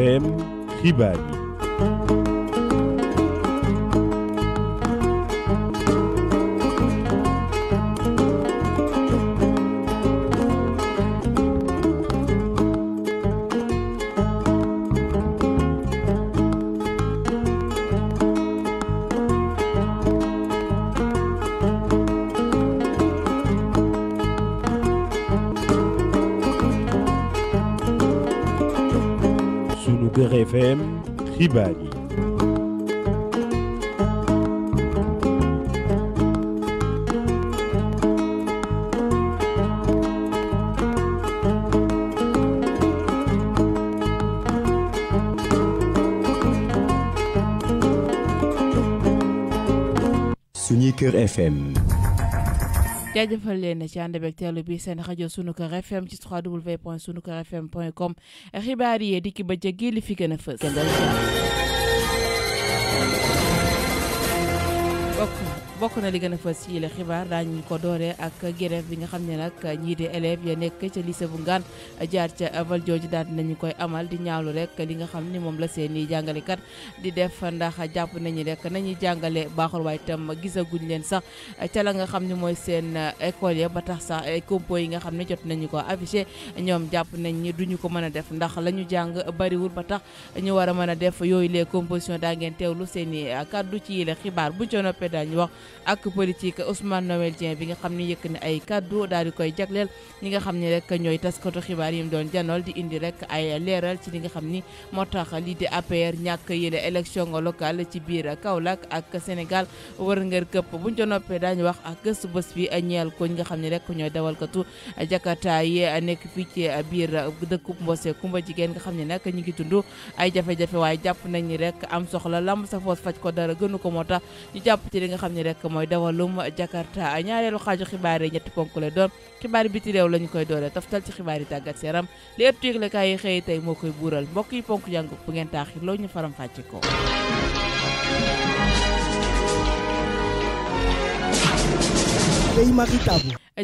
FM Ribari. Hibari. FM jaajëfal leen ci ànd beeg teelu bi seen rajo Sunuker FM ci www.sunukerfm.com xibaar yi dikki ba jéggi li fi gën a fës. bokk na li gën a fës ci la xibaar daañu ko dooree ak grève bi nga xam ne nag ñii de élèves ya nekk ca lycée bu Ngane jaar ca Valdiodio daal nañu koy amal di ñaawlu rekk li nga xam ni moom la seeni jàngalekat di def ndax jàpp nañu rek nañuy jàngale baaxul waaye itam gisaguñ leen sax ca la nga xam ne mooy seen école ba tax sax compo yi nga xam ne jot nañu ko affiché ñoom jàpp nañ ni duñu ko mën a def ndax la ñu jàng bariwul ba tax ñu war a mën a def yooyu les compositions daa ngeen teewlu seeni kàddu ci yile xibaar bu ñu ca noppee daañu wax ak politique Ousmane Noël Dieng bi nga xam ni yëkk na ay kaddu daal di koy jagleel ñi nga xam ni rek ñooy taskatu xibaar yi doon janool di indi rek ay leeral ci li nga xam ni moo tax lii di APR ñàkk yële élection locale ci biir Kaolack ak Sénégal war ngër këpp buñ ca noppee daañu wax ak gëstu bés bi ñeel ko ñi nga xam ni rek ñooy dawalkatu Jakarta yi nekk fii ci biir dëkkub Mbose Kumba jigéen nga xam ni nag ñu ngi dund ay jafe-jafe waaye jàpp nañ ni rek am soxla lamb sa foos faj ko dara gënu ko moo tax ñu jàpp ci li nga xam ni rek rek mooy dawalum Jakarta ñaareelu xaaju xibaar yi ñetti ponk lay doon xibaar biti réew la ñu koy dooree taftal ci xibaar yi tàggat yaram li ëpp yëglekaay yi xëy tey moo koy buural mbokk yi ponk jàng bu ngeen taaxir loo ñu faram fàcce ko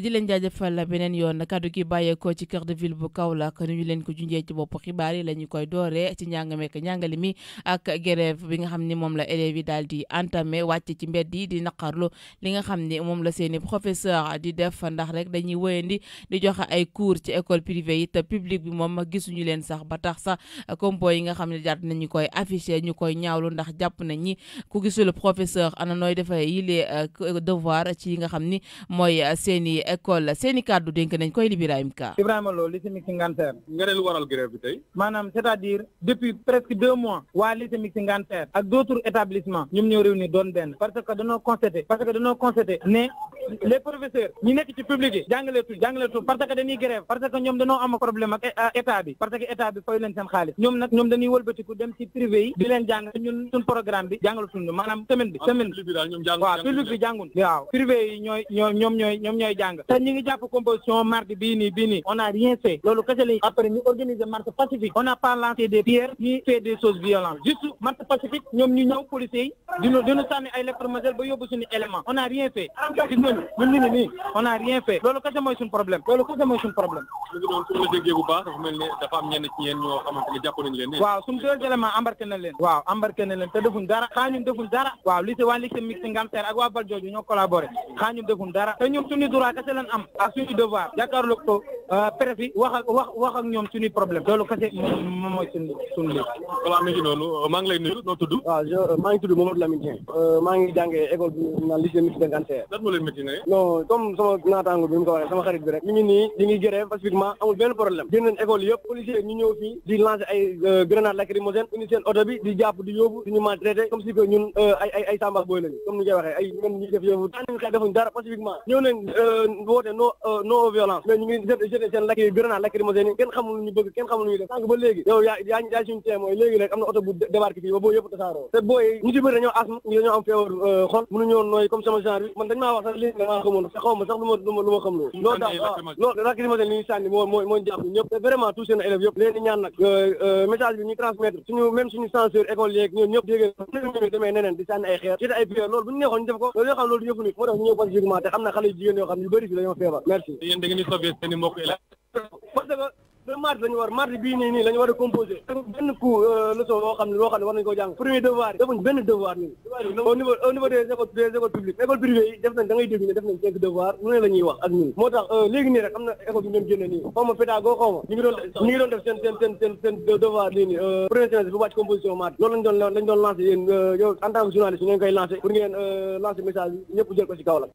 di leen jaajëfal beneen yoon kàddu gi bàyyeekoo ci cœur de ville bu Kaolack ni ñu leen ko junjee ci bopp xibaar la ñu koy dooree ci njàngameek njàngale mi ak grève bi nga xam ni moom la élèves yi daal di entamé ci mbedd yi di naqarlu li nga xam ni moom la seeni professeur di def ndax rek dañuy wéyandi di joxe ay cours ci école privée yi te public bi moom gisuñu leen sax ba tax sax compo yi nga xam ne daat nañu koy affiché ñu koy ñaawlu ndax jàpp na ñi ku gisul professeur ana nooy defee yile euh, devoir ci yi nga ni euh, école seen i kàddu dénk nañ koy Ibrahima Ka Ibrahima Lo lycémique Nganteer nga ne lu waral grève bi tey maanaam c'est-à-dire depuis presque deux mois waa lycémique Nganteer ak d'autres établissements ñoom ñoo réunir doon benn parce que dañoo constaté parce que dañoo constaté ne les professeurs ñi nekk ci public yi jàngaleetul tu. parce que dañuy grève parce que ñoom dañoo am problème ak euh, état bi parce que état bi fay leen seen xaalis ñoom nag ñoom dañuy wëlbatiku dem ci privé yi di leen jàng ñun suñ programme bi jàngalatul suñu maanaam semaine bi semaine bi waaw public bi jàngun waaw privé yi ñooy ñoo ñoom ñooy ñoom ñooy jàng te ñi ngi jàpp composition mardi bii nii bii nii on a rien fait loolu kese lañu après ñu organiser marche pacifique on a pas lancé des pierres ni fait des choses violentes juste marche pacifique ñoom ñu ñëw policiers yi dinu dinu sànni ay électromagnétique ba yóbbu suñu élément on a rien fait nañu ñun ñu ngi nii on a rien fait loolu kese mooy suñu problème loolu kese mooy suñu problème waaw suñu deux éléments embarqué leen waaw embarqué leen te defuñ dara xaa ñun defuñ dara waaw lycée waa lycée mixte Ngamser ak waa Valdiodio ñoo collaboré xaa ñun defuñ dara te ñun suñu droit kese lañ am ak suñu devoir jàkkaarloo ko Euh, presse bi wax ak wax wax ak ñoom su problème loolu kese moom euh, maa ngi lay nuyu noo tudd. waaw ah, je euh, maa ngi tudd Mamadou Lamine Dieng. maa ngi jàngee école bi naan lycée Miss Denganteer. lan moo comme sama naataango bi mu ko waxee sama xarit bi rek. ñu ngi nii di ngi gërëm pacifiquement amul benn problème. génn nañ école yëpp policier ñu ñëw fii di lancer ay grenade lacrymogène indi seen oto bi di jàpp di yóbbu di ñu maltraité comme si que ñun ay ay ay Samba booy lañu comme ni jotee seen lakk yi gërë naa lakk lacrymogène yi kenn xamul ñu bëgg kenn xamul ñu def sànq ba léegi yow yaa yaa yaay suñu témoin léegi rek am na oto bu débarqué fii ba boo yëpp tasaaroo te booy ñu ci bëri dañoo asthme ñu dañoo am feebar euh, xol mënu ñëwoon nooy comme sama genre bi man dañ maa wax sax léegi damaa xamoon te xaw ma sax lu ma lu ma xam loolu loolu daal waaw loolu lacrymogène li ñu sànni moo moo moo jàpp ñëpp te vraiment tous seen élèves yëpp leen di ñaan nag euh, euh, message bi ñu transmettre suñu même suñu censeur école yeeg ñoom ñëpp déggee ñu demee neneen di sànni ay xeer ci ay pierre loolu bu ñu neexoon ñu def ko loolu yoo xam loolu yëfu nit moo tax ñu ñëw pacifiquement te xam na xale yu jigéen yoo xam yu bëri fi dañoo feebar merci la parce que ba mardi la ñu war mardi bii nii nii la ñu war a euh, loo xam ne war nañu ko jàng premier devoir yi defuñ benn devoir nii au niveau au niveau des écoles des écoles publiques école privée yi def nañ da ngay dégg ne def ak ñun moo tax euh, léegi nii rek na école yu ñu doon génne nii xaw ma pédago xaw ma ñu ngi doon ñu ngi doon def seen seen seen seen seen devoir euh, premier semestre bu wàcc composition mardi loolu lañ doon lañ doon lancé yéen en tant que pour ngeen lancé message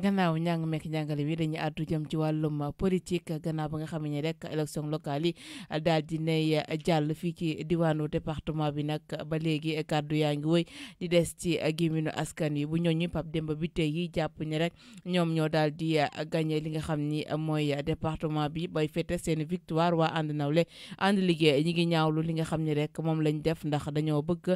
gannaaw njàng meek njàngale bi dañu àddu jëm ci wàllum politique ganaaw ba nga xam ne rek élection locale yi daal di nay jàll fii ci diwaanu département bi nag ba léegi kàddu yaa ngi woy di des ci gémminu askan yi bu ñooñu Pape Demba bi tey yi jàpp ni rek ñoom ñoo daal di gagné li nga xam ni mooy département bi bay fête seen victoire waa ànd nawle ànd liggéey ñi ngi ñaawlu li nga xam ni rek moom lañ def ndax dañoo bëgg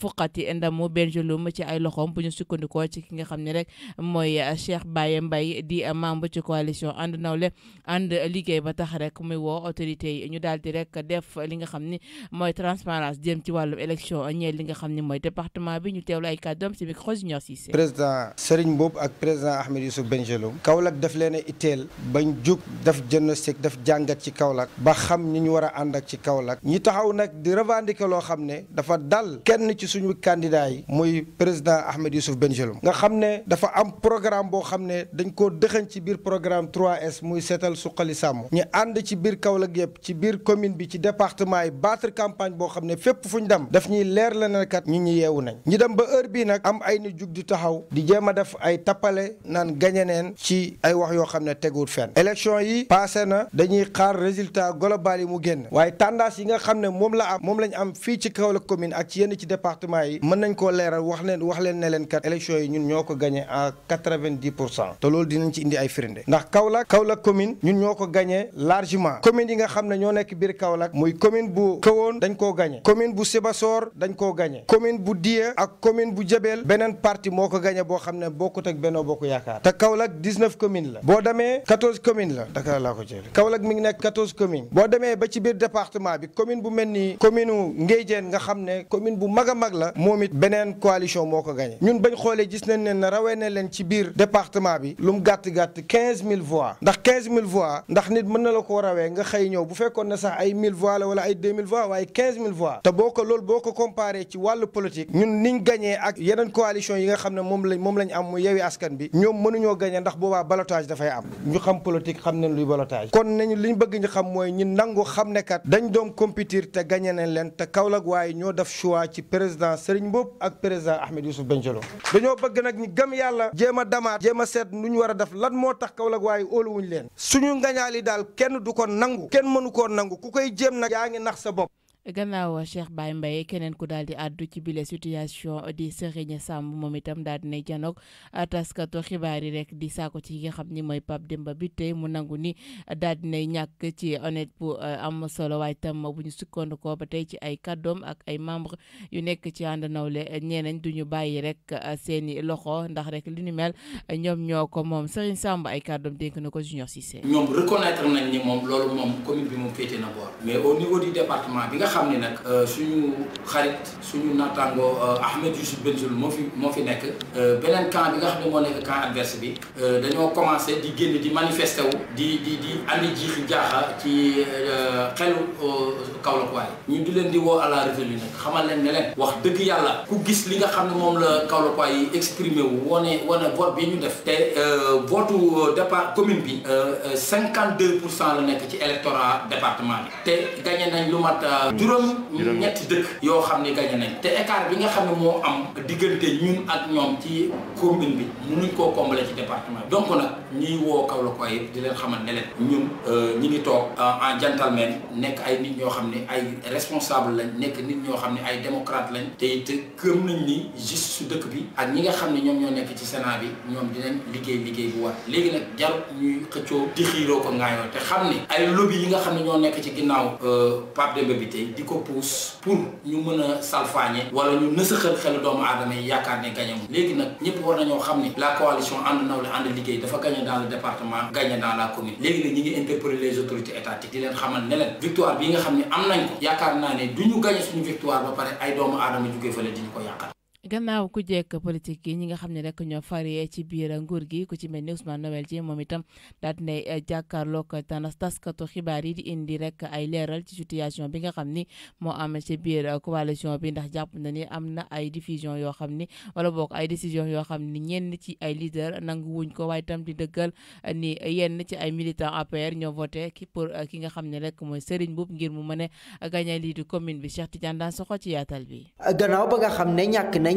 fuqati ndamu Bengelum ci ay loxoom bu ñu ci ki nga xam ne rek mooy Cheikh Cheikh Baye Mbaye di membre ci coalition ànd nawle ànd liggéey ba tax rek muy woo autorités yi ñu daal di rek def li nga xam ni mooy transparence jëm ci wàllum élection ñeel li nga xam ni mooy département bi ñu teewlu ay kàddoom si micro si Cissé président Serigne Mboup ak président Ahmed Youssouf Bengeloum Kaolack daf leen a itteel bañ jug daf diagnostic daf jàngat ci Kaolack ba xam ni ñu war a ànd ak ci Kaolack ñi taxaw nag di revendiquer loo xam ne dafa dal kenn ci suñu candidat yi muy président Ahmed Youssouf Bengeloum nga xam xam ne dañ koo dëxañ ci biir programme 3 muy seetal suqali sàmm ñu ànd ci biir Kaolack yëpp ci biir commune bi ci département yi battre campagne boo xam ne fépp fu ñu dem daf ñuy leer la ne kat ñu ñu yeewu nañ ñu dem ba heure bii nag am ay ni jug di taxaw di jéem a def ay tappale naan gañe neen ci ay wax yoo xam ne teguwul fenn élection yi passé na dañuy xaar résultat global yi mu génn waaye tendance yi nga xam ne moom la am moom lañ am fii ci Kaolack commune ak ci yenn ci département yi mën nañ koo leeral wax leen wax leen ne leen kat élection yi ñun ñoo ko gagné à quatre-vingt-dix pour cent te loolu dinañ ci indi ay firnde ndax Kaolack Kaolack commune ñun ñoo ko gagné largement commune yi nga xam ne commune bu Kahone dañ koo gagné commune bu Sibassor ak commune bu Jabel beneen parti moo ko gagné boo xam ne bokkut ak Benno Bokk Yaakaar te Kaolack boo demee 14 communes la Dakar laa ko jëlee Kaolack mi ngi nekk 14 communes boo demee ba ci biir département bi commune bu mel ni commune u Ngéyjeen nga xam ne commune bu mag a département bi lu mu gàtt gàtt quinze mille voix ndax quinze mille voix ndax nit mën na la ko rawee nga xëy ñëw bu fekkoon ne sax ay mille voix la wala ay deux mille voix waaye quinze mille voix te boo ko loolu boo ko comparé ci wàllu politique ñun niñ gañee ak yeneen coalition yi nga xam ne moom lañ moom lañ am mu yewi askan bi ñoom mënuñoo gañee ndax boobaa balotage dafay am ñu xam politique xam nañ luy balotage kon nañu liñ bëgg ñu xam mooy ñi nangu xam ne kat dañ doon compétir te gagné nañ leen te Kaolack waaye ñoo def choix ci président Serigne Mboup ak président Ahmed Youssouf Benjelloun dañoo bëgg nag ñu a ma seet nu ñu war a def lan moo tax Kaolack waaye óoluwuñ leen suñu ngañaali daal kenn du ko nangu kenn mënu koo nangu ku koy jéem nag yaa ngi nax sa bopp gannaaw Cheikh Baye mbay keneen ku daal di àddu ci bile situation di Serigne sàmb moom itam daal di ne janoog taskatu xibaar yi rek di saako ci ki nga xam ni mooy Pape Demba bi tey mu nangu ni daal di ne ñàkk ci honnête bu euh, am solo waaye tam bu ñu sukkandikoo ba tey ci ay kàddoom ak ay membre yu nekk ci ànd nawle ñeenañ du bàyyi rek euh, seeni loxo ndax rek li ni mel ñoom ñoo ko moom Serigne Samb ay kàddoom dénk na ko Junior Cissé. ñoom reconnaître nañ ni moom xam nak euh, suñu xarit suñu euh, Ahmed Youssouf Benzoul fi mo fi euh, benen camp bi nga commencé di manifester di di di andi ci ñu di à la revue nak xamal leen ne wax dëgg yàlla ku gis li nga mom la vote bi départ 52 le l'électorat département bi gagné juróom ñetti dëkk yoo xam ni gañe nañ te écart bi nga xam ne moo am diggante ñun ak ñoom ci commune bi mënuñ koo combler ci département donc nag ñiy woo Kaolack waaye di leen xamal ne leen ñun euh, ñi ngi toog euh, en gentleman nekk ay nit ñoo xam ne ay responsable lañ nekk nit ñoo xam ne ay démocrate lañ te it gëm nañ ni juste su dëkk bi ak ñi nga xam ne ñoom ñoo nekk ci Sénat bi ñoom dinañ liggéey liggéey bu war léegi nag jarul ñuy xëccoo di xiiroo ko ngaayoo te xam ne ay lobby yi nga xam ne ñoo nekk ci ginnaaw euh, Pape Demba bi di ko pousse pour ñu mën a salfaañe wala ñu nësaxal xelu doomu aadama yi yaakaar ne gañe mu léegi nag ñëpp war nañoo xam ne la coalition ànd nawle ànd liggéey dafa gañe dans le département gañe dans la commune léegi nag ñi ngi interpeller les autorités étatiques di leen xamal ne victoire bi nga xam ne am nañ ko yaakaar naa ne du ñu gañe suñu victoire ba pare ay doomu aadama jógee fële di ñu ko yaakaar gannaaw ku jekk politique yi nga xam ne rek ñoo fari ci biir nguur gi ku ci mel ni Ousmane Noël Dieng moom itam daal di nay eh, jàkkaarloog tanas taskatu xibaar yi di indi rek ay leeral ci situation bi nga xam ni moo am ci biir coalition bi ndax jàpp na ni am na ay diffision yoo xam ni wala boog ay décision yoo xam ni ñenn ci ay leader nangu wuñ ko waaye tam di dëggal ni yenn ci ay militant APR ñoo voté ki pour eh, ki nga xam ne rek mooy Serigne Mboup ngir mu mën a gagné lii di commune bi Cheikh Tidiane daan soxo ci bi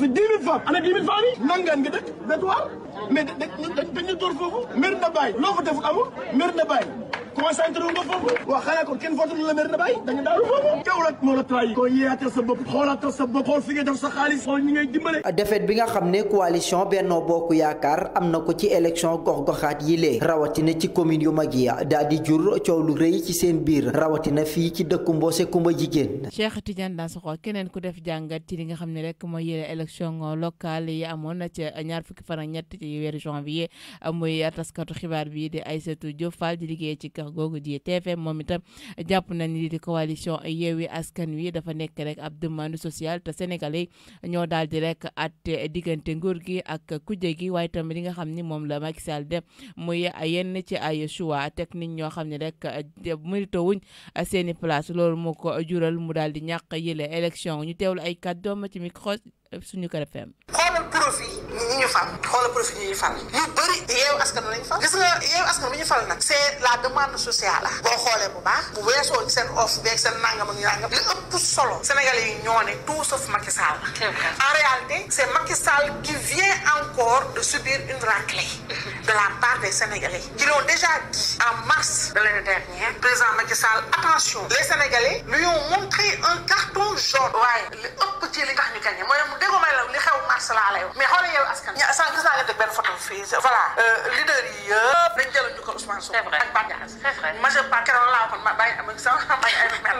fi 10 000 femmes ana 10 000 nangaan nga dëkk bétuwaar mais dañu door foofu nga bi nga xam ne coalition Benno Bokk Yaakaar am na ko ci élection gox-goxaat ci commune yu mag yi daal lu rëy ci seen biir rawatina fii ci dëkku Mbossé Kumba def jàngat ci li xam ne rek mooy yéene élection élection locale yi amoon ca ñaar fukki fan ak ñett ci weeru janvier muy taskatu xibaar bi di Aïssatou Diop Fall di liggéey ci kër googu di TFM moom itam jàpp nañ li di coalition Yewwi Askan Wi dafa nekk rek ab demande sociale te sénégalais ñoo daal di rek at diggante nguur gi ak kujje gi waaye tamit li nga xam ni moom la Macky Sall def muy yenn ci ay choix teg nit ñoo xam ne rek mérito wuñ seeni place loolu moo ko jural mu daal di ñàkk yële élection ñu teewlu ay kàddoom ci micro suñu Kër FM. profi ñi ñu fal xoola profi ñi ñu fal yu bëri yeewu askan lañu fal gis nga yeewu askan ñu fal nag c' est la demande sociale la boo xoolee bu baax bu weesoo seen offre beeg seen nangam ak nangam li ëpp solo sénégalais yi ñoo ne tout sauf Macky Sall la en réalité c' est Macky Sall qui vient encore de subir une raclée de la part des sénégalais qui l'ont déjà dit en mars de l'année dernière président Macky Sall attention les sénégalais lui ont montré un carton jaune waaye li ëpp ci li tax ñu gagné mooy mu laa lay wax mais xoolal yow askan ña photo fii voilà euh, leader yi yëpp dañ jëloon ñu ko Ousmane Sonko ak Bardia majeur part keroog kon ma bàyyi am ak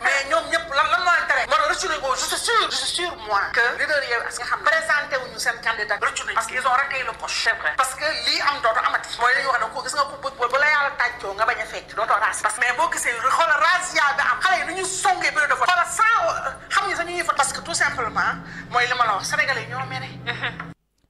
mais ñoom ñëpp lan lan moo tere moo rëccu nañ ko je suis je suis moi que leader yi yow askan xam ne présenté wuñu seen candidat rëccu nañ parce parce que lii am dootu amati mooy li ñu gis nga ko bu la yàlla tàccoo nga bañ a fekk dootoo raas parce que mais boo gisee xoolal razzia bi am xale yi nu ñu tout simplement mooy li ma ñoo mere.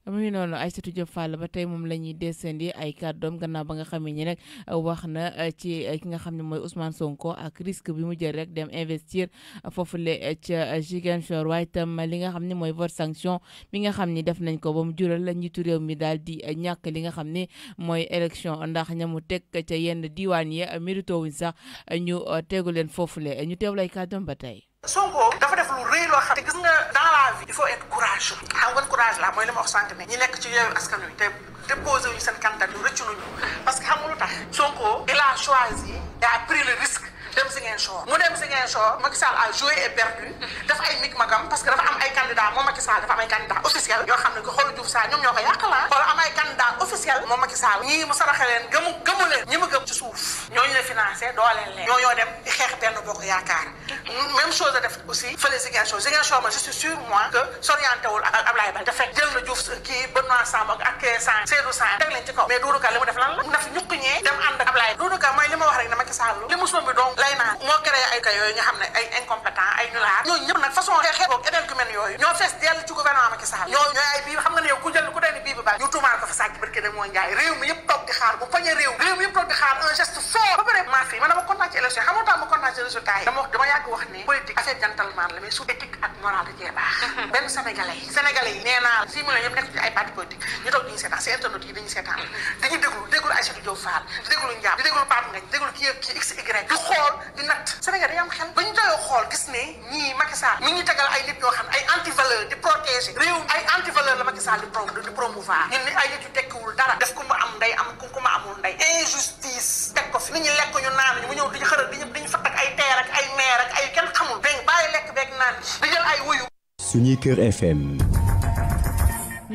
mu ngi noonu Aïssatou Diop Fall ba tey moom lañuy ñuy descendi ay kàddoom gannaaw ba nga xam ne nag wax na euh, ci euh, ki nga xam ne mooy Ousmane Sonko ak risque bi mu jël rek dem investir foofule ca Ziguinchor li nga xam ne mooy vote sanction mi nga xam ni def nañ ko ba mu jural la njiitu réew mi daal di ñàkk li nga xam ni mooy élection ndax ñamu teg ca yenn diwaan yi mérito wuñ sax ñu euh, tegu leen foofule ñu teewlay kàddoom ba tey. def lu rëy loo xam te gis nga dans la vie il faut être courageux xam nga courage la mooy li ma wax sànq ne ñi nekk ci yooyu askan wi te déposé wuñu seen candidat yu rëccu parce que xam nga lu tax Sonko il a choisi il a pris le risque dem Ziguinchor mu dem Ziguinchor Macky Sall a joué et perdu dafa ay mig magam parce que dafa am ay candidat moom Macky Sall dafa am ay candidat officiel yoo xam ne ko xoolu Diouf Sarr ñoom ñoo ko yàq la xool am ay candidat officiel moom Macky Sall ñii mu saraxe leen gëmu gëmu leen ñi mu gëm ci suuf ñooñu la financé dooleen leen ñoo ñoo dem di xeex benn bokk yaakaar même chose a def aussi fële Ziguinchor Ziguinchor ma je suis sûr moi que s'orienté wul ak Ablaye Bal dafa jël na Diouf kii Benoît Sambou ak ak Sane Seydou Sane teg leen ci kaw mais Doudou Ka li mu def lan la mu def ñukk ñee dem ànd ak Ablaye Doudou Ka mooy li ma wax rek ne Macky Sall li mu bi donc day moo créé ay ka yooyu nga xam ne incompétent ay nulaar ñooñu façon xeet boog énergumène yooyu ñoo fees dell ci ñoo ñooy ay bii xam ne yow ku jël ku dee ni bii bi baax ñu tuumaal ko ma kontaan ci résultat yi dama wax dama yàgg wax ne politique la mais su éthique ak moral da cee baax benn sénégalais sénégalais yi nee naa six yëpp nekk ay parti politique ñu toog dañuy seetaan si internet yi di mm-hmm. déglu Ndiaye di déglu Pape Ngagne di déglu kii ak kii x y di xool di natt Sénégal day xel ba ñu doyoo xool gis ne ñii Macky Sall mi ngi tegal ay nit xam ay anti di protéger réew ay anti la Macky di pro di promouvoir ñun ni ay nit yu tekkiwul dara def ku ma am ndey am ku ku amul ndey injustice teg ko fi nit ñi lekk ñu naan ñu mu ñëw diñu xëral diñu diñu ak ay teer ak ay meer ak ay kenn xamul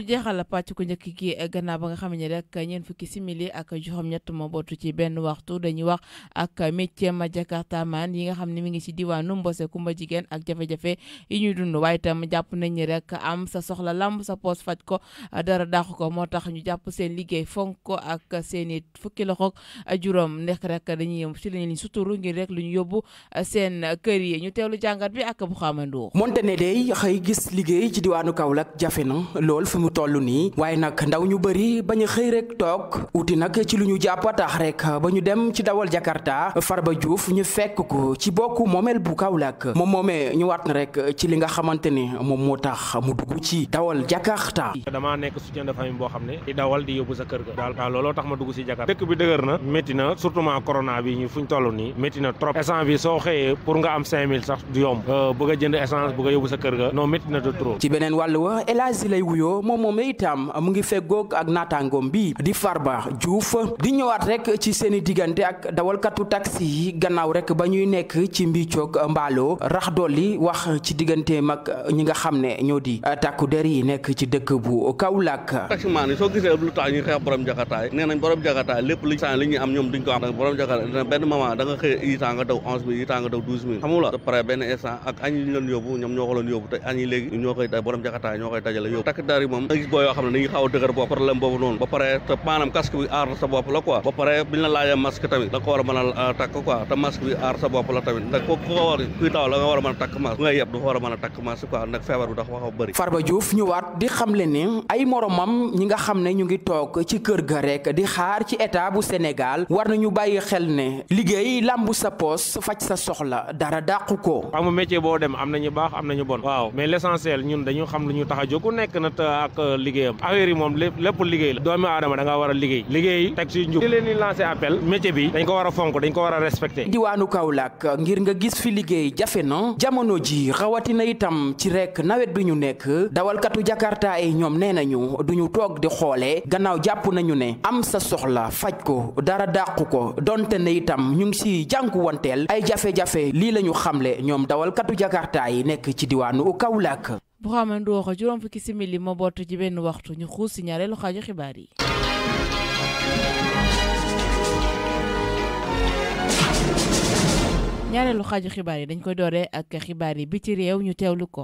ñu jeexal la pàcc ku njëkk gi eh, gannaaw ba nga xam ne rek ñeen fukki simili ak juróom-ñett moo bootu ci benn waxtu dañuy wax ak métier ma jakarta maan yi nga xam ne mi ngi ci diwaanu Mbose Kumba jigéen ak jafe-jafe yi ñuy dund waaye jàpp nañ ni rek am sa soxla lamb sa poos faj ko dara dàq ko moo tax ñu jàpp seen liggéey fonk ko ak seen i fukki loxoog juróom nekk rek dañuy si lañ leen suturu ngir rek lu ñu yóbbu seen kër yi ñu teewlu jàngat bi ak bu monte ne day xëy gis liggéey ci diwaanu Kaolack jafe na lool mu toll nii waaye nag ndaw ñu bëri bañ a xëy rek toog uti nag ci lu ñu jàpp tax rek ba ñu dem ci dawal Jakarta Farba Diouf ñu fekk ko ci bokku moomeel bu kaw Kaolack moom moomee ñu waat na rek ci li nga xamante ni moom moo tax mu dugg ci dawal Jakarta. damaa nekk soutien de famille boo xam ne di dawal di yóbbu sa kër ga. daal looloo tax ma dugg si Jakarta. dëkk bi dëgër na métti na surtout ma corona bi ñu fuñ toll nii métti na trop essence bi soo xëyee pour nga am 5000 sax du yomb euh, bëgg a jënd a yóbbu sa kër ga non métti na de trop. ci beneen wàll wa El Hadj moom itam mu ngi feggoog ak natangom bi di Farba djouf di ñëwaat rek ci seeni digante ak dawal dawalkatu taxi gannaaw rek ba ñuy nekk ci mbi ciok mbalo rax doli wax ci digante mak ñi nga xamne ne ñoo di takku der yi nekk ci dëkk bu kaulak taxi man so gisee lu tax ñu xeex borom jakartaay neenañ borom jakartaay lepp li sa li ñi am ñom duñ ko am borom jakartaay ben mama da nga xëy itaa nga daw onze mille tanga nga daw douze mille xamula de pare ben instant ak añ ñu leen yóbbu ñom ñoo ko leen yóbbu te añ yi léegi tay borom jakartaay ñoo koy dajale yóbbu tak der yi maanaam gis boo yoo xam ne dañuy xaw a dëgër bopp problème boobu ba pare te maanaam casque bi aar la quoi ba pare bi ñu la laajee ko war a mën a euh, takk quoi te masque bi aar sa bopp la tamit ndax ko ko war kuy daw la war a mën a takk masque bu ngay yeb du war a mën a takk masque quoi ndax feebar bi dafa wax a bëri Farba Diouf ñu waat di xamle ni ay moromam ñi nga xam ne ñu ngi toog ci kër ga rek di xaar ci état bu Sénégal war nañu bàyyi xel ne liggéey làmbu sa poos faj sa soxla dara dàqu ko xam na ñu baax na ñu bon waaw mais l'essentiel ñun dañu xam lu a ak euh, liggéeyam affaire yi moom lépp liggéey la doomi aadama danga nga war a liggéey liggéey teg si njub di leen di lancé appel métier bi dañ ko war fonk dañ ko war a respecté diwaanu Kaolack ngir nga gis fi liggéey jafe na jamono ji rawatina itam ci rekk nawet bi ñu nekk dawalkatu jakarta yi ñoom nee nañu ñu toog di xoolee gannaaw jàpp nañu ne am sa soxla faj ko dara dàqu ko donte ne itam ñu ngi si jànku wanteel ay jafe-jafe lii la ñu xamle ñoom dawalkatu jakarta yi nekk ci diwaanu Kaolack bu xamandu waxo juróom fukki simili moo bootu ci benn waxtu ñu xuus si ñaareelu xaaju xibaar yi ñaareelu xaaju xibaar yi dañ koy dooree ak xibaar yi bi ci réew ñu teewlu ko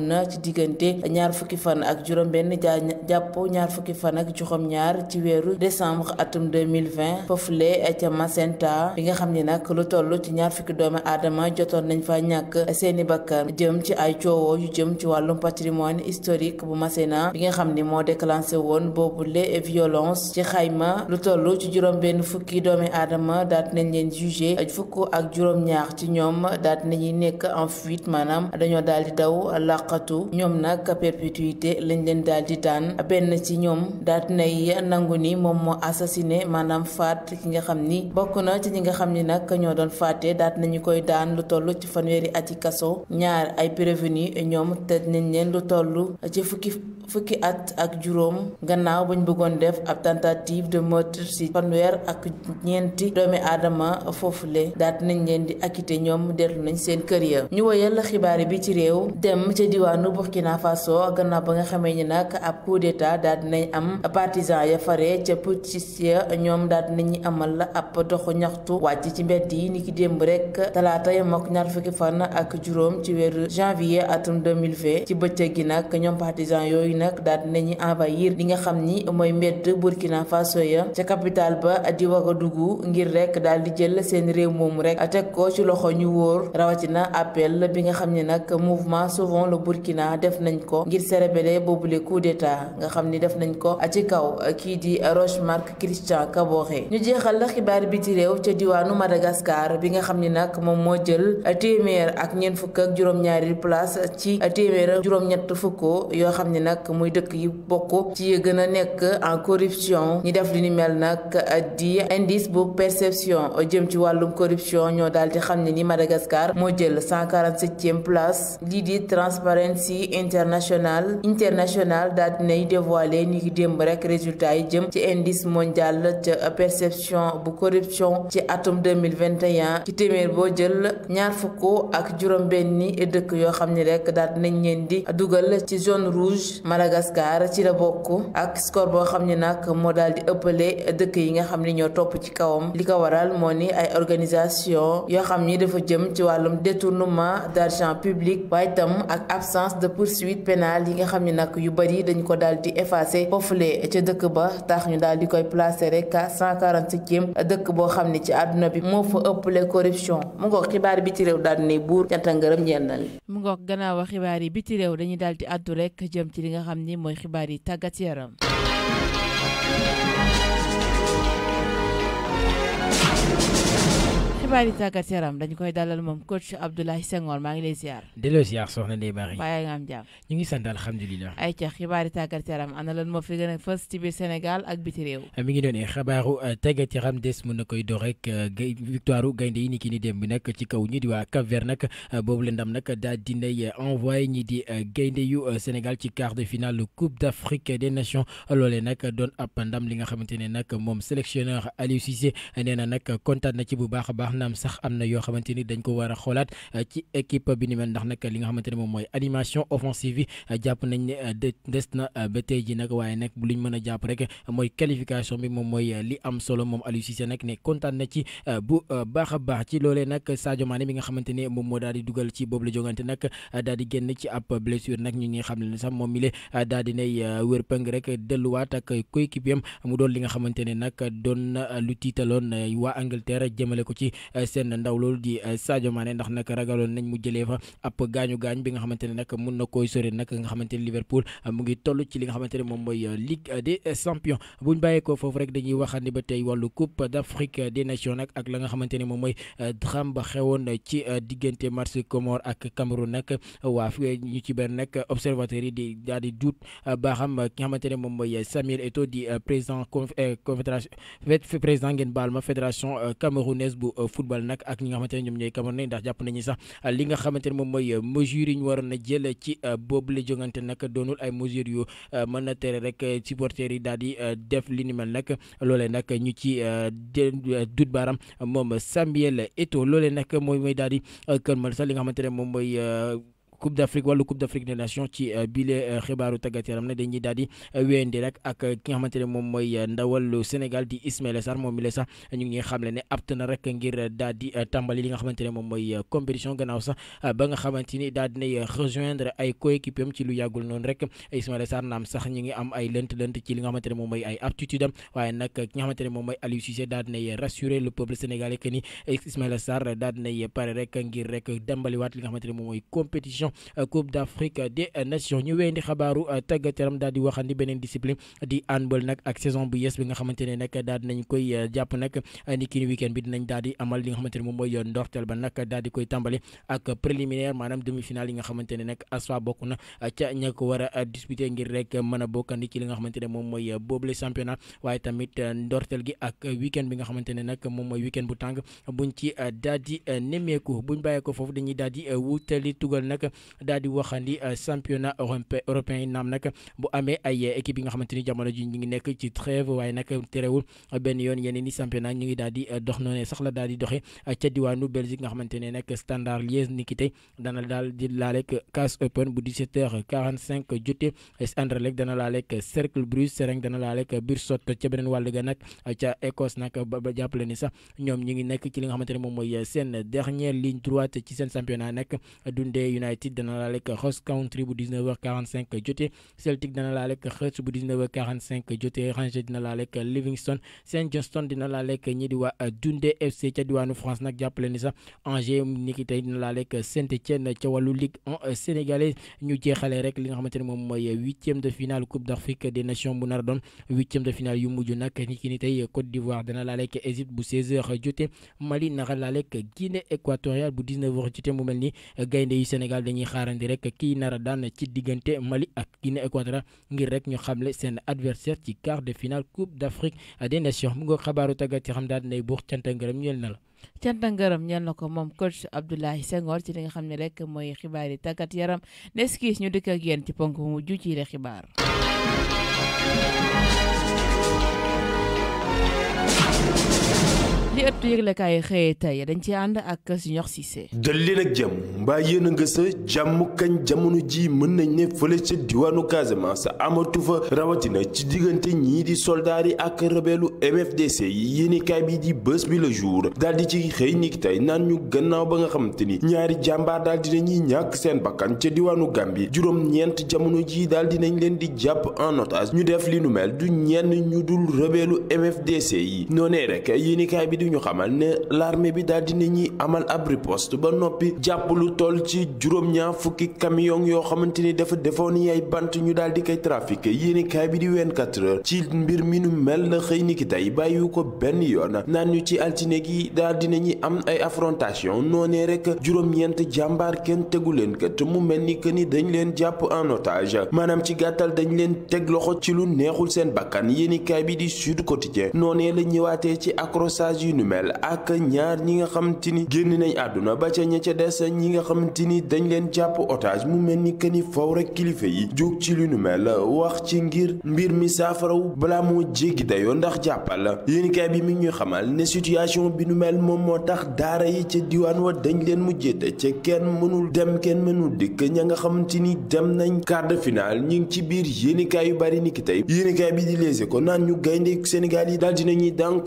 amoon na ci diggante ñaar fukki fan ak juróom-benn jàpp ñaar fukki fan ak juróom-ñaar ci weeru décembre atum 2020 foofule ca Macenta bi nga xam ni nag lu toll ci ñaar fukki doomi aadama jotoon nañ fa ñàkk seeni bakkan jëm ci ay coowoo yu jëm ci wàllum patrimoine historique bu Masséna bi nga xam ni moo déclenché woon boobule violence ci xayma lu toll ci juróom-benn fukki doomi aadama daat nañ leen jugé fukk ak juróom-ñaar ci ñoom daat nañuy nekk en fuite maanaam dañoo daal di làqatu ñoom nag perpétuité lañ leen daal di daan benn ci ñoom daal nay nangu ni moom moo assassiné maanaam faat ki nga xam ni bokk na ci ñi nga xam ni nag ñoo doon faate daal nañu koy daan lu toll ci fanweeri ati kaso ñaar ay prévenu ñoom te nañ leen lu toll ci fukki fukki at ak juróom gannaaw bañ bëggoon def ab tentative de meurtre ci fanweer ak ñeenti doomi aadama foofule daal nañ leen di acquitté ñoom dellu nañ seen kër ya ñu woyal xibaar bi ci réew diwaanu Burkina Faso gannaaw ba nga xamee ni nag ab coup d'état daal dinañ am partisan ya fare ca putschiste ya ñoom daal dinañu amal la ab dox ñaxtu wàcc ci mbedd yi ni ki démb rek talaata yam ak ñaar fukki fan ak juróom ci weeru janvier atum 2020 ci bëccëg gi nag ñoom partisan yooyu nag daal nañu envahir li nga xam ni mooy mbedd Burkina Faso ya ca capital ba di Ouagadougou ngir rek daal di jël seen réew moomu rek teg ko ci loxo ñu wóor rawatina appel bi nga xam ne nag Burkina def nañ ko ngir célébrer boobule coup d'état nga xam ni def nañ ko a ci kaw kii di Roch Marc Christian Kaboré ñu jeexal la xibaar bi ci réew ca diwaanu Madagascar bi nga xam ni nag moom moo jël a téeméer ak ñeent fukk ak juróom place ci téeméer ak juróom fukk yoo xam ni nag muy dëkk yi bokk ci gën a nekk en corruption ñi def li ni mel nag di indice bu perception jëm ci wàllum corruption ñoo daal di xam ne ni Madagascar moo jël place lii di transparence Transparency International international dat ne dévoilé ni ki rek résultat yi jëm ci indice mondial de perception bu corruption ci atom 2021 ci téeméer bo jël ñaar fukk ak juróom benni dëkk yo xamni rek nañ di ci zone rouge Madagascar ci la bokku ak score bo xamni nak mo dal di ëppalé dëkk yi nga xamni ñoo ci kawam waral mo ni ay organisation yo xamni dafa jëm ci walum détournement d'argent public waaye tam ak absence de poursuite pénale yi nga xam ne nag yu bëri dañ ko daal di effacé foofulee ca dëkk ba tax ñu daal di koy placé rek à cent quarante-septième dëkk boo xam ne ci àdduna bi moo fa ëppale corruption mu ngoog xibaar bi ci réew daal ne buur canta ngërëm ñeendal mu ngoog gannaaw xibaar yi bi ci réew dañuy daal di àddu rek jëm ci li nga xam ni mooy xibaar yi tàggat yaram xibaar yi tàggat yaram dañu koy dalal moom coach Abdoulaye Senghor maa ngi lay ziar. delloo ziar soxna Ndeye Marie. waaye nga am jàmm. ñu ngi sant alhamdulilah. ay ca xibaar yi tàggat yaram ana lan moo fi gën a fës ci biir Sénégal ak biti réew. mi ngi donee xabaaru euh, tàggat yaram des mën na koy dox rek euh, victoire gaynde yi ni ki ni dem bi nag ci kaw ñi di waa Cap Vert nag euh, boobu la ndam nag daal di nay envoyé ñi di gaynde yu Sénégal ci quart de finale Coupe d' Afrique des Nations loolee nag doon ab ndam li nga xamante ne nag moom sélectionneur Aliou Cissé nee na nag kontaan na ci bu baax a baax naam sax am na yoo xamante ni dañ ko war a xoolaat eh, ci équipe bi ni mel ndax nag li nga xamante ne moom mooy animation offensive yi eh, jàpp nañ ne eh, des na ba tey ji nag waaye nag bu liñ a jàpp rek mooy qualification bi moom mooy li am solo moom Aliou Cissé ne kontaan na ci bu baax a baax ci loolee nag Sadio Mané nga xamante moom moo daal di dugal ci boobu la jongante nag daal di génn ci ab blessure nag ñu ngi xam ne sax moom mi la daal di nay wér pëng rek delluwaat ak coéquipier mu doon li nga xamante ne nag doon na lu tiitaloon waa Angleterre jëmale ko Eh, seen ndaw loolu di eh, Sadio Mané ndax nak ragalon nañ mu fa ap gañu gañ bi nga xamante nak mën na koy sori nak nga xamante Liverpool eh, mu ngi tollu ci li nga mom moy Ligue des champions bu ñu bàyyeekoo foofu rek dañuy waxani ba tay walu Coupe d'Afrique des Nations nak ak la nga xamante mom moy mooy drame ba xewon ci diggante match Comores ak Cameroun nak waa fi ñu ci benn nak observateur yi di daal di duut nga mom moy samir eto di président confédération président ngeen ma fédération camerounaise bu football nag ak ñi nga xamante ne ñoom ñooy Cameroun ndax jàpp nañu sax li nga xamante moom mooy mesures yi ñu waroon a jël ci euh, boobu jongante nag doonul ay mesures euh, mën a tere rek euh, supporters yi daal def li ni mel nag loolee ñu ci dut baaram moom Samuel Eto'o loolee nag mooy mooy daal di kërmal sax li nga xamante ne moom mooy coupe d'Afrique wala coupe d'Afrique des nations ci euh, bile euh, xibaaru tàggat ram né dañuy daal di euh, wéyandi rek ak ki nga xamante ne moom Sénégal di Ismaël sar mom mi la sax ñu ngi xamlé ne apte na rek ngir daldi tambali li nga xamanténi mom moy compétition gënaaw sax ba nga xamanténi daldi né rejoindre ay coéquipiers ci lu yagul non rek Ismaël sar naam sax ñu ngi am ay lënt-lënt ci li nga xamanténi mom moy ay aptitude am nak nag ki nga xamante ne moom Aliou Cissé daldi né rassurer le peuple sénégalais que ni Ismaël sar daldi né paré rek ngir rek wat li nga xamanténi mom moy compétition qualification euh, coupe d' afrique des nations ñu wéyandi xabaaru euh, tàggat yaram daal di waxandi beneen discipline di handball nag ak saison bu yees bi nga xamante ne nag daal dinañ euh, ni kii weekend bi dinañ daal di amal li nga xamante ne moom mooy ndorteel ba nag daal di koy tàmbale ak préliminaire maanaam demi finale yi ne nag ASFA bokk na ca a disputé ngir rek mën a bokkandi championnat waaye tamit ndorteel gi ak weekend bi nga xamante ne nag moom mooy weekend bu tàng buñ ci daal di nemmeeku buñ bàyyee ko foofu dañuy daal wutali tugal nag daal di waxandi euh, championnat européen naam nag bu amee ay équipe yi nga xamante ni jamono ji ñu ngi nekk ci trêve waaye nag terewul benn yoon yeneen i championnat ñu ngi daal di euh, dox noonu sax la daal di doxee ca diwaanu Belgique nga xamante ne nag Standard Liège ni ki tey dana daal di laaleeg CAS Open bu 17h45 jotee Anderlecht dana laaleeg Cercle Bruges Sereng dana laaleeg Beerschot ca beneen wàll ga nag ca Écosse nag ba jàppale ni sax ñoom ñu ngi nekk ci li nga xamante ne moom mooy seen dernière ligne droite ci seen championnat United dana laa Rose Ross County bu 19h45 j'étais Celtic dana la lekk Hearts bu 19h45 j'étais Rangers dans la lekk Livingston Saint Johnston dans la lekk ñi di Dundee FC ci diwaanu France nak jàppale ni sax Angers ni ki saint etienne ci walu Ligue 1 sénégalaise ñu jéxalé rek li nga xamanteni mom moy 8 huitième de finale Coupe d'Afrique des Nations bu nar huitième de finale yu muju nak niki Côte d'Ivoire dana la lekk Égypte bu 16h jotee Mali nara la Guinée équatoriale bu 19h jotee mu melni ni gaynde Sénégal dañuy xaarandi rek kii nar a daan ci diggante Mali ak Guinée Équatoriale ngir rek ñu xamle seen adversaire ci quart de finale Coupe d'Afrique des Nations mu ngoog xabaaru tàggat ci xam daal nay buux canta ngërëm ñeel na la cant ngërëm ñeel na ko moom coach Abdoulaye Senghor ci li nga xam ne rek mooy xibaar yi tàggat yaram neskiis ñu dëkk ak yéen ci ponk mu mujj ci xibaar ëttu yëglekaay yi xëyee tey dañ ci ànd ak Junior Cissé dal leen ak jàmm mbaa yéen a nga sa jàmm kañ jamono ji mën nañ ne fële ca diwaanu Casamance amatu fa rawatina ci diggante ñii di soldaar yi ak rebelu MFDC yi yéenekaay bi di bés bi le jour daal di ci xëy niki tey naan ñu gannaaw ba nga xamante ni ñaari jàmbaar daal nañu ñàkk seen bakkan ca diwaanu Gambie juróom-ñeent jamono ji daal dinañ leen di jàpp en otage ñu def li nu mel du ñenn ñu dul rebelu MFDC yi noonee rek bi duñu xamal ne l'armée bi daal dina ñuy amal ab riposte ba noppi jàpp lu toll ci juróom-ñaar fukki camion yoo xamante ni dafa defoon ay bant ñu daal di koy trafiqué yéenekaay bi di 24 heures ci mbir mi nu mel la xëy ni ki bàyyi bàyyiwu ko benn yoon naan ñu ci altine gi daal dina ñuy am ay affrontation noonee rek juróom-ñeent jàmbaar kenn tegu leen kat mu mel ni que ni dañ leen jàpp en otage maanaam ci gàttal dañ leen teg loxo ci lu neexul seen bakkan yéenekaay bi di Sud Quotidien noonee la nu mel ak ñaar ñi nga xam xamante ni génn nañ àdduna ba ca ña ca des ñi nga xamante ni dañ leen jàpp otage mu mel ni que ni faw rek kilifa yi jóg ci lu nu mel wax ci ngir mbir mi saafaraw balaa moo jéggi dayoo ndax jàppal yéenikaay bi mi ñuy xamal ne situation bi nu mel moom moo tax daara yi ca diwaan wa dañ leen mujjee tëj ca kenn mënul dem kenn mënul dikk ña nga xamante ni dem nañ quart de finale ñu ngi ci biir yéenikaay yu bari niki tey yéenikaay bi di léese ko naan ñu gaynde Sénégal yi daal dinañuy daan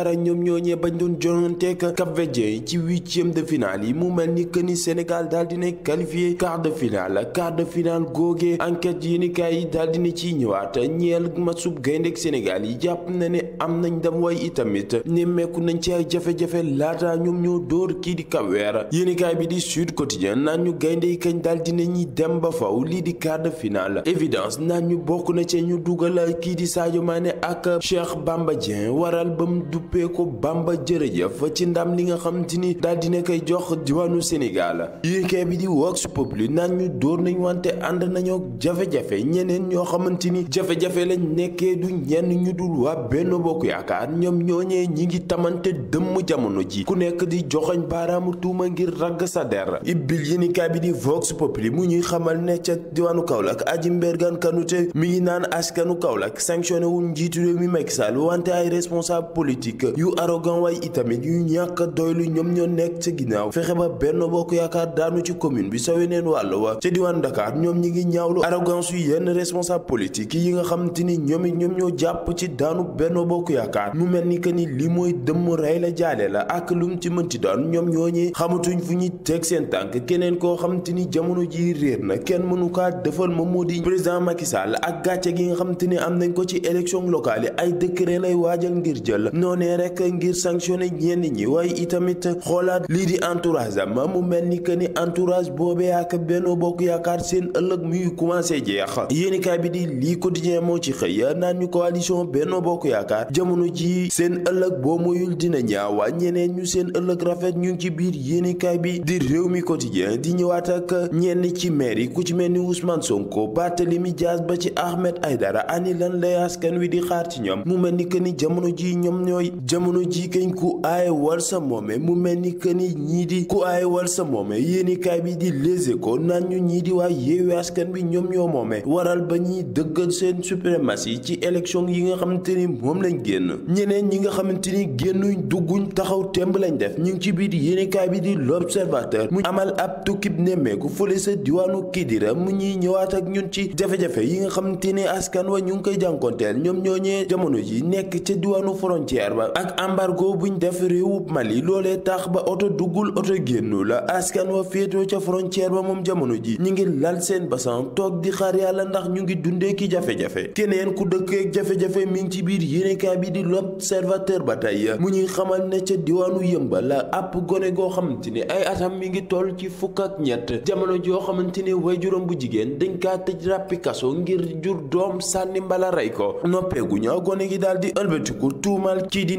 dara ñoom ñooñee bañ doon jonanteek Cap-Verdien ci huitième de finale yi mu mel ni que ni Sénégal daal dina qualifié quart de finale quart de finale googee enquête yéenekaay yi daal dina ciy ñëwaat ñeel matsub gayndeek Sénégal yi jàpp na ne am nañ dam way itamit nemmeeku nañ ci ay jafe-jafe laata ñoom ñoo door kii di Cap-Vert yéenekaay bi di Sud Quotidien naan ñu gaynde yi kañ daal dina ñuy dem ba faw lii di quart de finale évidence naan ñu bokk na ci ñu dugal kii di Sadio Mané ak Cheikh Bamba waral ba mu duppee ko Bamba jërëjëf ci ndam li nga xam te ni daal dina koy jox diwaanu Sénégal yéekaay bi di Vox Populi nag ñu dóor nañu wante ànd nañoo jafe-jafe ñeneen ñoo xamante ni jafe-jafe lañ nekkee du ñenn ñu dul waa benn Bokk Yaakaar ñoom ñoo ñooñee ñi ngi tamante dëmm jamono ji ku nekk di joxoñ baaraamu tuuma ngir ragg sa der ibbil yéenekaay bi di Vox Populi mu ñuy xamal ne ca diwaanu Kaolack Aji Mbergane te mi ngi naan askanu Kaolack sanctionné wu njiitu réew mi Macky Sall wante ay responsable politique politique yu arrogant waaye itamit yu ñàkk doylu ñoom ñoo nekk ca ginnaaw fexe ba benn bokk yaakaar daanu ci commune bi sa weneen wàll wa ca diwaan Dakar ñoom ñi ngi ñaawlu arrogance yu yenn responsable politique yi nga xamante ni ñoom it ñoom ñoo jàpp ci daanu benn bokk yaakaar mu mel ni que ni li mooy dëmm rey la jaale la ak lum ci ci doon ñoom ñooñu xamatuñ fu ñu teg seen tànk keneen koo xamante ni jamono ji réer na kenn mënu kaa defal ma moo di président Macky Sall ak gàcce gi nga xamante ni am nañ ko ci élection locale yi ay décret lay waajal ngir jël ne rek ngir sanctionné ñenn ñi waaye itamit xoolaat lii di entourage am mu mel ni que ni entourage boobe ak Benno Bokk Yaakaar seen ëllëg muy commencé jeex yéenikaay bi di lii quotidien moo ci xëy naan ñu coalition Benno Bokk Yaakaar jamono ji seen ëllëg boo moyul dina waa ñeneen ñu seen ëllëg rafet ñu ngi ci biir yéenikaay bi di réew mi quotidien di ñëwaat ak ñenn ci maire yi ku ci mel ni Ousmane Sonko Barthélémy Dias ba ci Ahmed dara ani lan lay wi di xaar ci ñoom mu mel ni que ni jamono ji ñoom ñooy jamono ji kañ ku aaye war sa moome mu mel ni que ni ñii di ku aaye war sa moome yéenikaay bi di Les Échos naan ñu ñii di waa Yewwi Askan Wi ñoom ñoo moome waral ba ñuy dëggal seen suprématie ci élection yi nga xamante ni moom lañ génn ñeneen ñi nga xamante ni génnuñ dugguñ taxaw temb lañ def ñu ngi ci biir yéenikaay bi di L'Observateur mu amal ab tukkib nemmeeku fële sa diwaanu Kidira mu ñuy ñëwaat ak ñun ci jafe-jafe yi nga xamante ni askan wa ñu ngi koy jànkonteel ñoom ñooñee jamono ji nekk diwaanu frontière ba ak embargo ñu def réewub Mali loole tax ba oto duggul oto génnu la askan wa féetoo ca frontière ba moom jamono ji ñu ngi lal seen basan toog di xaar yàlla ndax ñu ngi dundee ki jafe-jafe keneen ku dëkkeek jafe-jafe mi ngi ci biir yéenekaay bi di l'Observateur ba tey mu ñuy xamal ne ca diwaanu Yëmbal la ab gone goo xamante ni ay atam mi ngi toll ci fukk ak ñett jamono joo xamante ni juróom bu jigéen dañ kaa tëj ràppi kaso ngir jur doom sànni mbala rey ko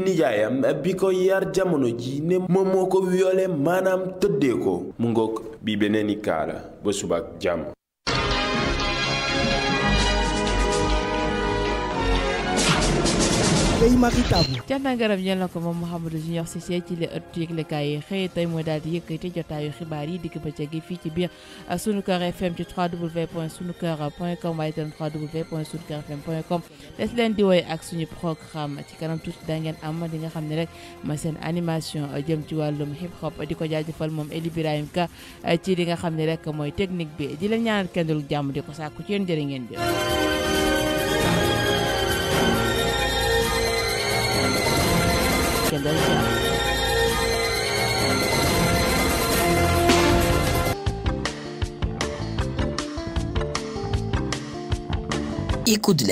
nijaayam bi ko yar jamono ji ne moom moo ko violé maanaam tëddee ko mu ngoog bi beneen i kaa la ba subaak jàmm day mari taabu cant ak ngërëm ñeel na ko moom Mouhamadou Junior Cissé ci la ëtt yëglekaay yi xëy tey mooy daal di yëkkati jotaayu xibaar yi dikk bëccëg gi fii ci biir euh, Sunuker FM ci 3w point sunuker point com waaye itam 3w point sunuker fm point com des leen di woy ak suñu programme ci kanam tuuti da ngeen am di nga xam ne rek ma seen animation euh, jëm ci wàllum hip hop di ko jaajëfal moom Eli Birahim Ka euh, ci li nga xam ne rek mooy technique bi di leen ñaanal kenn dul jàmm di ko sàkku ci yéen jërë ngeen jëf Écoute de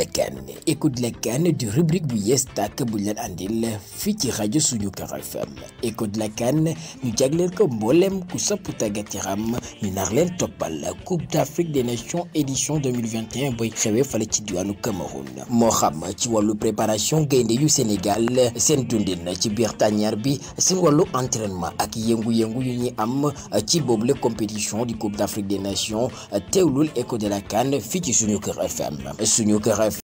écoutez écoute du rubrique du rubrique bu leen andil fiti radio rajo suñu Kër la la Kane ñu jagleel ko mboolem ku sopp tàggat ñu nar leen Topal Coupe d'Afrique des Nations édition 2021 boy xewé fale ci diwanu Cameroun mo xam ci walu préparation gaynde yu Sénégal sen dundin ci biir bi seen walu entraînement ak yengu yengu yu ñi am ci boobule compétition du Coupe d'Afrique des Nations Écoute écoutez la canne ci suñu Kër new career